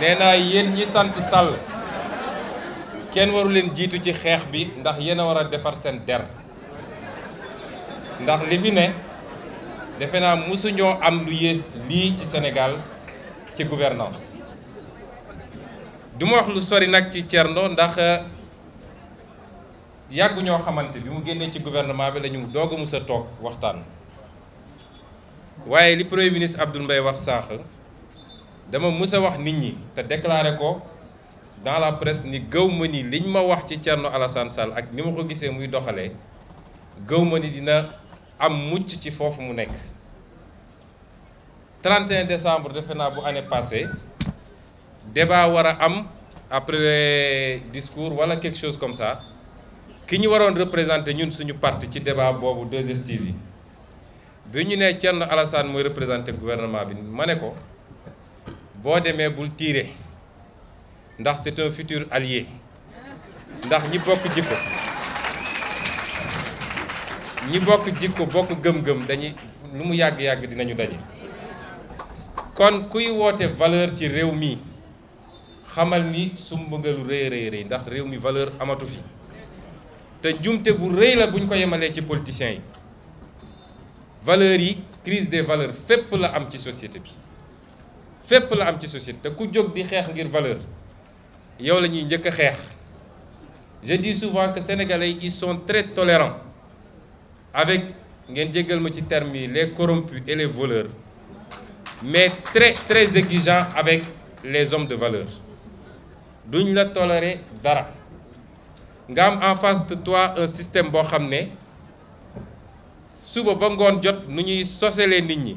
nee naa yéen ñi sant Sall kenn waru leen jiitu ci xeex bi ndax yéen a war a defar seen der ndax li fi ne defe naa mosuñoo am lu yées lii ci Sénégal ci gouvernance du ma wax lu sori nag ci Thierno ndax yàgg ñoo xamante bi mu génnee ci gouvernement bi lañu ñu doog toog waxtaan waaye li premier ministre Abdoul Mbaye wax saax Je dans la presse ni gëw que liñ ma Alassane 31 décembre de l'année passée, année débat war après discours voilà quelque chose comme ça Nous ñu waroon représenter ñun parti débat 2 Alassane gouvernement boo demee bul tiire ndax c'est un futur allié ndax ñi bokk jikko ñi bokk jikko bokk gëm-gëm dañuy lu mu yag yàgg dinañu dajé kon kuy woté valeur ci réew mi xamal ni sumbu nga lu rëy rëy ndax réew mi valeur amatu fi té njumte bu rëy la buñ ko yemalee ci politiciens yi valeur yi crise des valeurs fep la am ci société bi fépp la am ci société te ku jóg di xeex ngir valeur yow la gens qui ont xeex je dis souvent que sénégalais yi sont très tolérants avec ngeen ma ci terme yi les corrompus et les voleurs mais très très exigeants avec les hommes de valeur duñ la tolérer dara nga am en face de toi un système bon xam ne suba ba ngoon jot nu ñuy les nit ñi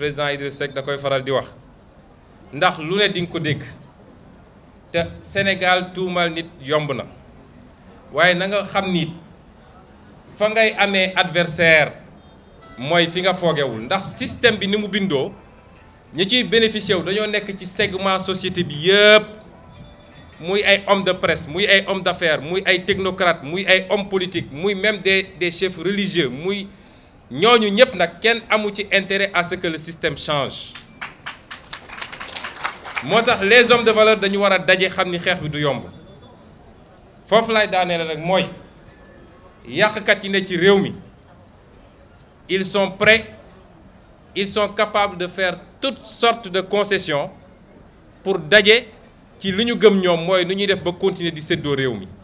président Idriss Seck da koy faral di wax ndax lu ne di ko deg te Sénégal tuumal nit yomb na waaye na nga xam nit fa ngay amé adversaire moy fi nga wul ndax système bi ni mu bindoo ñi ci bénéficier wu dañoo nekk ci segment société bi yépp muy ay homme de presse muy ay homme d'affaires muy ay technocrate muy ay homme politique muy même des des chefs religieux muy ñooñu ñëpp nag kenn amu ci intérêt à ce que le système change moo tax les hommes de valeur dañu war a daje xam ni xeex bi du yomb foofu lay daaneel rek mooy yàqkat yi ne ci réew mi ils sont prêts ils sont capables de faire toutes sortes de concessions pour daje ci li ñu gëm ñoom mooy nu ñuy def ba continuer di séddoo réew mi